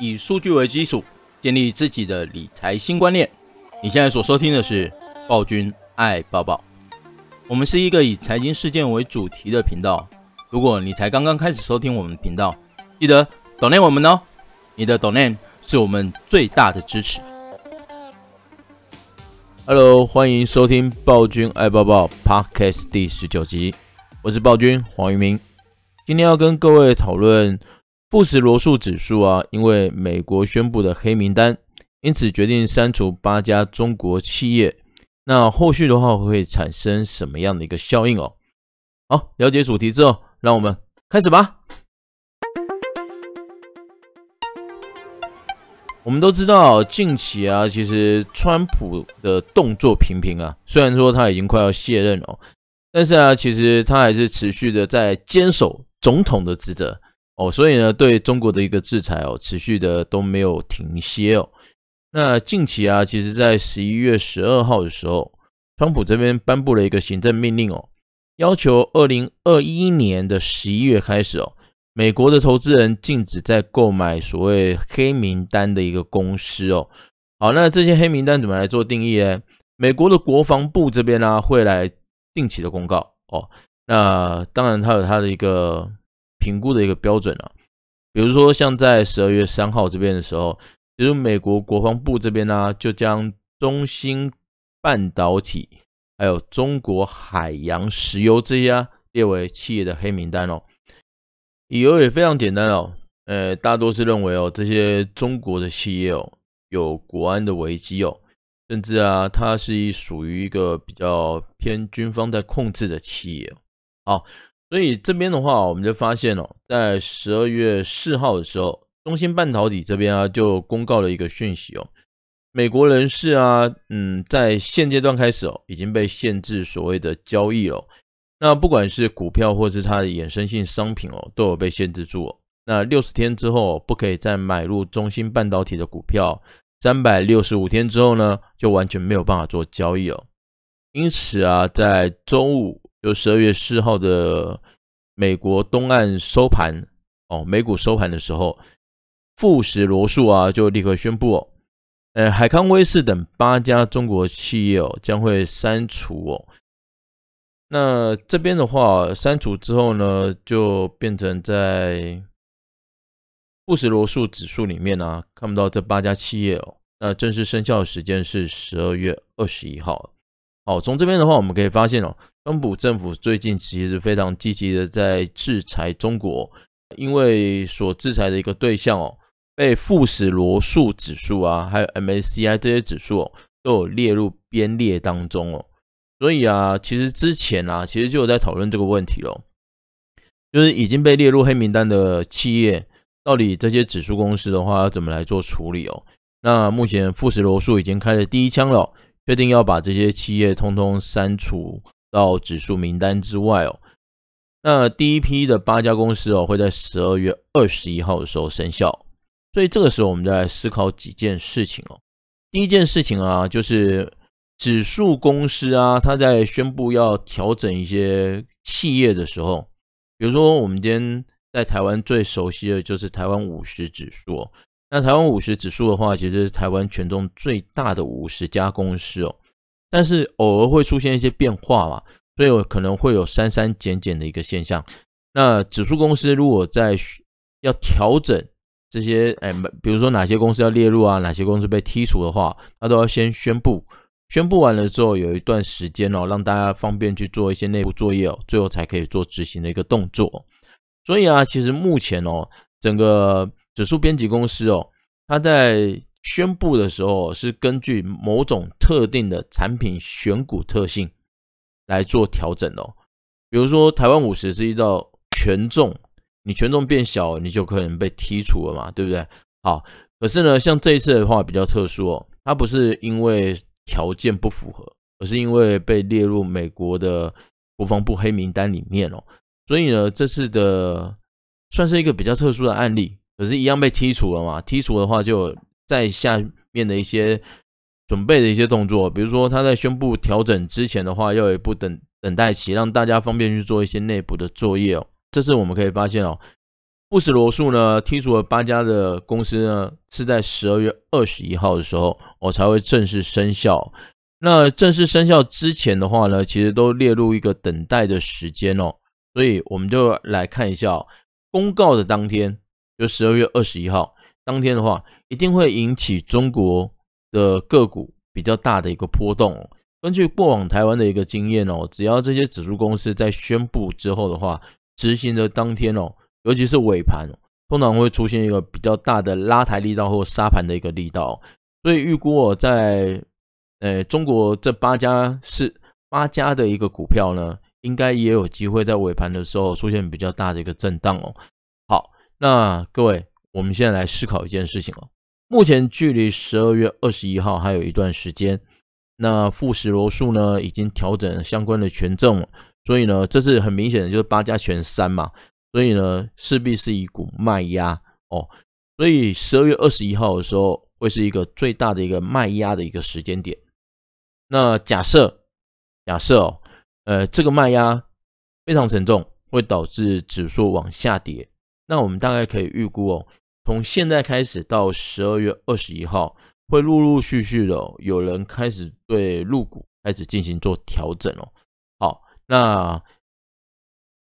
以數據為基礎，建立自己的理財新觀念。你現在所收聽的是《暴君愛抱抱》，我們是一個以財經事件為主題的頻道。如果你才剛剛開始收聽我們頻道，記得 Donate 我們哦，你的 Donate 是我們最大的支持。Hello，歡迎收聽《暴君愛抱抱》Podcast 第十九集，我是暴君黃於銘，今天要跟各位討論。富時羅素指數啊，因為美國宣布的黑名單，因此決定刪除八家中國企業。那後續的話會產生什麼樣的一個效應哦？好，了解主題之後，讓我們開始吧。嗯、我們都知道，近期啊，其實川普的動作頻頻啊，雖然說他已經快要卸任哦，但是啊，其實他還是持續的在堅守總統的職責。哦，所以呢，對中國的一個制裁哦，持續的都沒有停歇哦。那近期啊，其實在十一月十二號的時候，川普這邊頒布了一個行政命令哦，要求二零二一年的十一月開始哦，美國的投資人禁止再購買所謂黑名單的一個公司哦。好，那這些黑名單怎麼來做定義呢？美國的國防部這邊呢，啊，會來定期的公告哦。那當然，它有它的一個。評估的一個標準了、啊，比如說像在十二月三號這邊的時候，比如美國國防部這邊呢、啊，就將中芯半導體還有中國海洋石油這些啊列為企業的黑名單哦。理由也非常簡單哦，呃，大多是認為哦，這些中國的企業哦有國安的危機哦，甚至啊，它是屬於一個比較偏軍方在控制的企業哦，所以這邊的話，我們就發現哦，在十二月四號的時候，中芯半導體這邊啊就公告了一個訊息哦，美國人士啊，嗯，在現階段開始哦，已經被限制所謂的交易了。那不管是股票或是它的衍生性商品哦，都有被限制住哦。那六十天之後不可以再買入中芯半導體的股票，三百六十五天之後呢，就完全沒有辦法做交易哦。因此啊，在周五。就十二月四號的美國東岸收盤哦，美股收盤的時候，富時羅素啊就立刻宣布哦，呃，海康威視等八家中國企業哦將會刪除哦。那這邊的話、啊，刪除之後呢，就變成在富時羅素指數裡面呢、啊、看不到這八家企業哦。那正式生效的時間是十二月二十一號。好，從這邊的話，我們可以發現哦。川普政府最近其實非常積極的在制裁中國，因為所制裁的一個對象哦，被富時羅素指數啊，還有 MSCI 這些指數、哦、都有列入編列當中哦，所以啊，其實之前啊，其實就有在討論這個問題咯，就是已經被列入黑名單的企業，到底這些指數公司的話要怎麼來做處理哦？那目前富時羅素已經開了第一槍了，確定要把這些企業通通刪除。到指數名單之外哦，那第一批的八家公司哦，會在十二月二十一號的時候生效。所以這個時候我們再來思考幾件事情哦。第一件事情啊，就是指數公司啊，他在宣布要調整一些企業的時候，比如說我們今天在台灣最熟悉的就是台灣五十指數哦。那台灣五十指數的話，其實是台灣權重最大的五十家公司哦。但是偶爾會出現一些變化嘛，所以我可能會有刪刪減減的一個現象。那指數公司如果在要調整這些，哎，比如說哪些公司要列入啊，哪些公司被剔除的話，那都要先宣布。宣布完了之後，有一段時間哦，讓大家方便去做一些內部作業哦，最後才可以做執行的一個動作。所以啊，其實目前哦，整個指數編輯公司哦，它在。宣布的時候是根據某種特定的產品選股特性來做調整的哦，比如說台灣五十是依照權重，你權重變小你就可能被剔除了嘛，對不對？好，可是呢，像這一次的話比較特殊哦，它不是因為條件不符合，而是因為被列入美國的國防部黑名單裡面哦，所以呢，這次的算是一個比較特殊的案例，可是，一樣被剔除了嘛？剔除的話就。在下面的一些準備的一些動作，比如說他在宣布調整之前的話，要有一部等等待期，讓大家方便去做一些內部的作業哦。這次我們可以發現哦，富時羅素呢剔除了八家的公司呢，是在十二月二十一號的時候，我、哦、才會正式生效。那正式生效之前的話呢，其實都列入一個等待的時間哦。所以我們就來看一下、哦、公告的當天，就十二月二十一號。當天的話，一定會引起中國的個股比較大的一個波動哦，根據過往台灣的一個經驗哦，只要這些指數公司在宣布之後的話，執行的當天哦，尤其是尾盤，通常會出現一個比較大的拉抬力道或殺盤的一個力道哦。所以預估哦，在呃，哎，中國這八家是八家的一個股票呢，應該也有機會在尾盤的時候出現比較大的一個震盪哦。好，那各位。我們現在來思考一件事情了。目前距離十二月二十一號還有一段時間，那富時羅素呢已經調整相關的權重了，所以呢，這是很明顯的，就是八加全三嘛，所以呢，勢必是一股賣壓哦，所以十二月二十一號的時候，會是一個最大的一個賣壓的一個時間點。那假設，假設哦，呃，這個賣壓非常沉重，會導致指數往下跌。那我們大概可以預估哦，從現在開始到十二月二十一號，會陸陸續續的、哦、有人開始對陸股開始進行做調整哦。好，那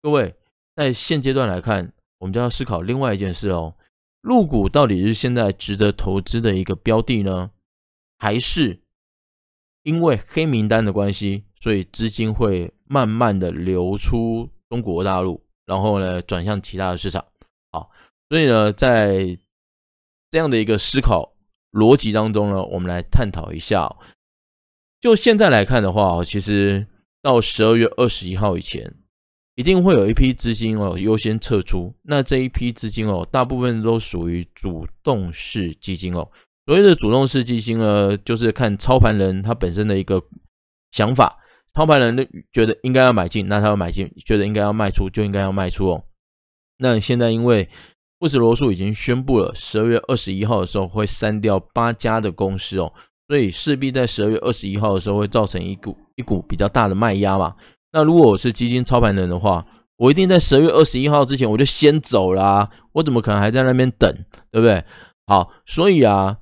各位在現階段來看，我們就要思考另外一件事哦：陸股到底是現在值得投資的一個標的呢，還是因為黑名單的關係，所以資金會慢慢的流出中國大陸，然後呢轉向其他的市場？啊，所以呢，在這樣的一個思考邏輯當中呢，我們來探討一下。就現在來看的話其實到十二月二十一號以前，一定會有一批資金哦優先撤出。那這一批資金哦，大部分都屬於主動式基金哦。所謂的主動式基金呢，就是看操盤人他本身的一個想法。操盤人覺得應該要買進，那他要買進；覺得應該要賣出，就應該要賣出哦。那現在因為富時羅素已經宣佈了十二月二十一號的時候會刪掉八家的公司哦，所以勢必在十二月二十一號的時候會造成一股一股比較大的賣壓嘛。那如果我是基金操盤人的話，我一定在十二月二十一號之前我就先走啦、啊，我怎麼可能還在那邊等，對不對？好，所以啊，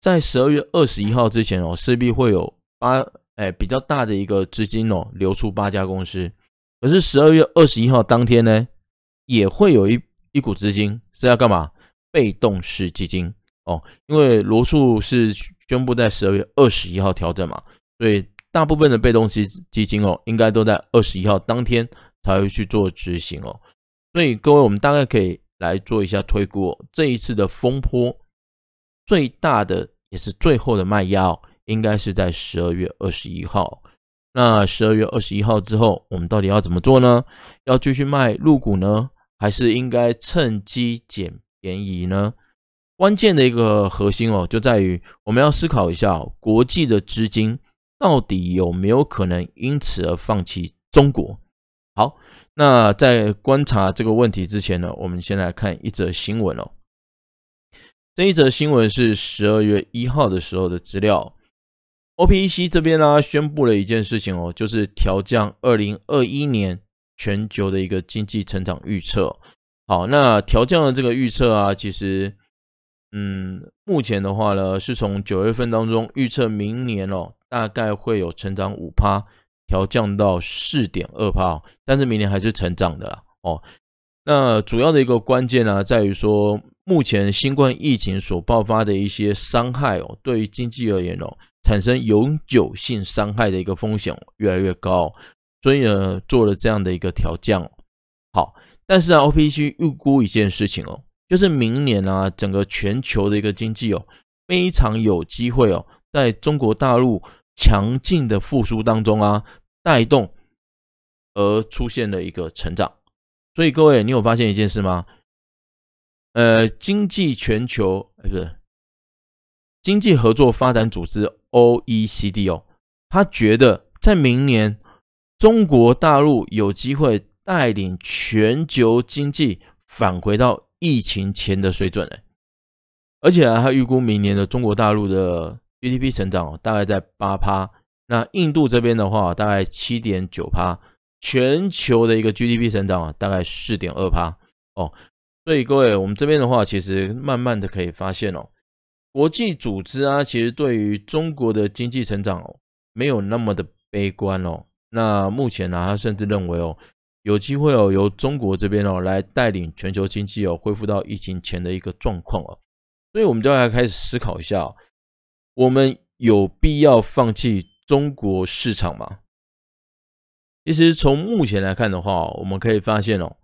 在十二月二十一號之前哦，勢必會有八哎比較大的一個資金哦流出八家公司。可是十二月二十一號當天呢？也會有一一股資金是要幹嘛？被動式基金哦，因為羅素是宣布在十二月二十一號調整嘛，所以大部分的被動基基金哦，應該都在二十一號當天才會去做執行哦。所以各位，我們大概可以來做一下推估哦，這一次的風波最大的也是最後的賣壓哦，應該是在十二月二十一號。那十二月二十一號之後，我們到底要怎麼做呢？要繼續賣入股呢？還是應該趁機撿便宜呢？關鍵的一個核心哦，就在於我們要思考一下哦，國際的資金到底有沒有可能因此而放棄中國？好，那在觀察這個問題之前呢，我們先來看一則新聞哦。這一則新聞是十二月一號的時候的資料。OPEC 這邊呢、啊，宣布了一件事情哦，就是調降二零二一年。全球的一個經濟成長預測，好，那調降的這個預測啊，其實，嗯，目前的話呢，是從九月份當中預測明年哦，大概會有成長五趴，調降到四點二趴。但是明年還是成長的啦，哦，那主要的一個關鍵呢、啊，在於說，目前新冠疫情所爆發的一些傷害哦，對於經濟而言哦，產生永久性傷害的一個風險越來越高。所以呢，做了這樣的一個調降，好，但是啊，OPC 預估一件事情哦，就是明年啊，整個全球的一個經濟哦，非常有機會哦，在中國大陸強勁的復甦當中啊，帶動而出現了一個成長。所以各位，你有發現一件事嗎？呃，經濟全球，呃，不是，經濟合作發展組織 OECD 哦，他覺得在明年。中國大陸有機會帶領全球經濟返回到疫情前的水準哎，而且啊，他預估明年的中國大陸的 GDP 成長大概在八趴。那印度這邊的話大概七點九趴；全球的一個 GDP 成長大概四點二趴。哦。所以各位，我們這邊的話，其實慢慢的可以發現哦，國際組織啊，其實對於中國的經濟成長哦，沒有那麼的悲觀哦。那目前呢、啊，他甚至認為哦，有機會哦，由中國這邊哦來帶領全球經濟哦恢復到疫情前的一個狀況哦，所以，我們就要開始思考一下，我們有必要放棄中國市場嗎？其實從目前來看的話，我們可以發現哦，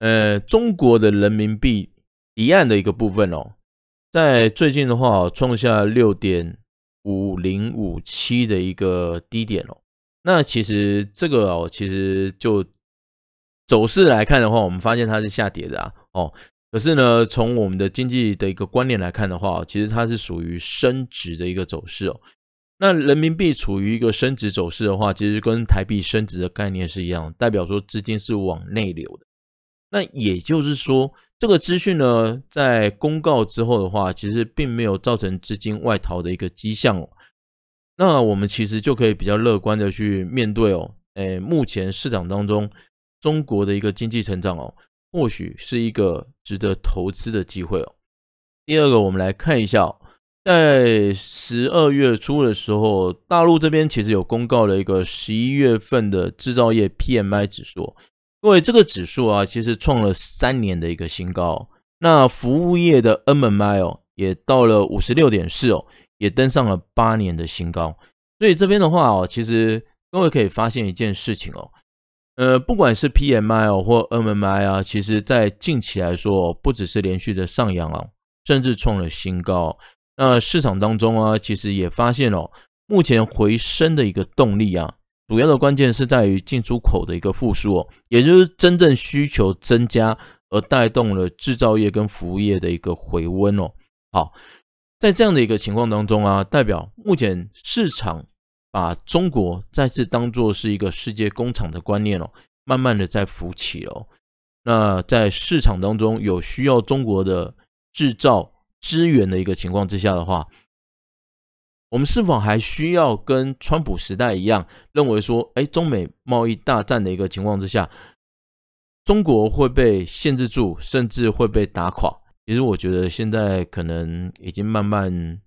呃，中國的人民幣離岸的一個部分哦，在最近的話哦，創下六點五零五七的一個低點哦。那其實這個哦，其實就走勢來看的話，我們發現它是下跌的啊。哦，可是呢，從我們的經濟的一個觀念來看的話，其實它是屬於升值的一個走勢哦。那人民幣處於一個升值走勢的話，其實跟台幣升值的概念是一樣，代表說資金是往內流的。那也就是說，這個資訊呢，在公告之後的話，其實並沒有造成資金外逃的一個跡象哦。那我們其實就可以比較樂觀的去面對哦，哎，目前市場當中中國的一個經濟成長哦，或許是一個值得投資的機會哦。第二個，我們來看一下哦，在十二月初的時候，大陸這邊其實有公告了一個十一月份的制造業 PMI 指數，因為這個指數啊，其實創了三年的一個新高。那服務業的 MMI 哦，也到了五十六點四哦。也登上了八年的新高，所以這邊的話哦，其實各位可以發現一件事情哦，呃，不管是 PMI、哦、或 MMI 啊，其實在近期來說，不只是連續的上揚哦、啊，甚至創了新高。那市場當中啊，其實也發現哦，目前回升的一個動力啊，主要的關鍵是在於進出口的一個復甦、哦，也就是真正需求增加而帶動了製造業跟服務業的一個回溫哦。好。在這樣的一個情況當中啊，代表目前市場把中國再次當做是一個世界工廠的觀念哦，慢慢的在浮起哦。那在市場當中有需要中國的製造資源的一個情況之下的話，我們是否還需要跟川普時代一樣，認為說，誒，中美貿易大戰的一個情況之下，中國會被限制住，甚至會被打垮？其實我覺得現在可能已經慢慢、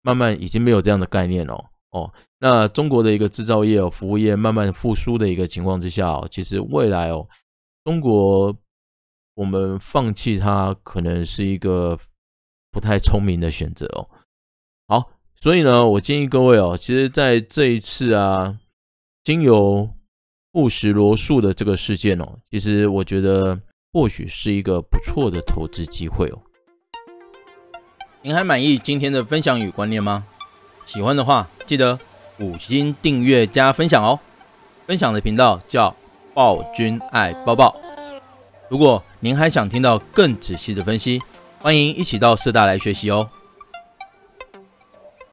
慢慢已經沒有這樣的概念了，哦。哦,那中國的一個制造業、哦、服務業慢慢復甦的一個情況之下，哦,其實未來哦,中國我們放棄它可能是一個不太聰明的選擇哦。好,所以呢,我建議各位哦,其實在這一次啊,經由富時羅素的這個事件哦,其實我覺得。或許是一個不錯的投資機會哦。您還滿意今天的分享與觀念嗎？喜歡的話，記得五星訂閱加分享哦。分享的頻道叫暴君愛抱抱。如果您還想聽到更仔細的分析，歡迎一起到社大來學習哦。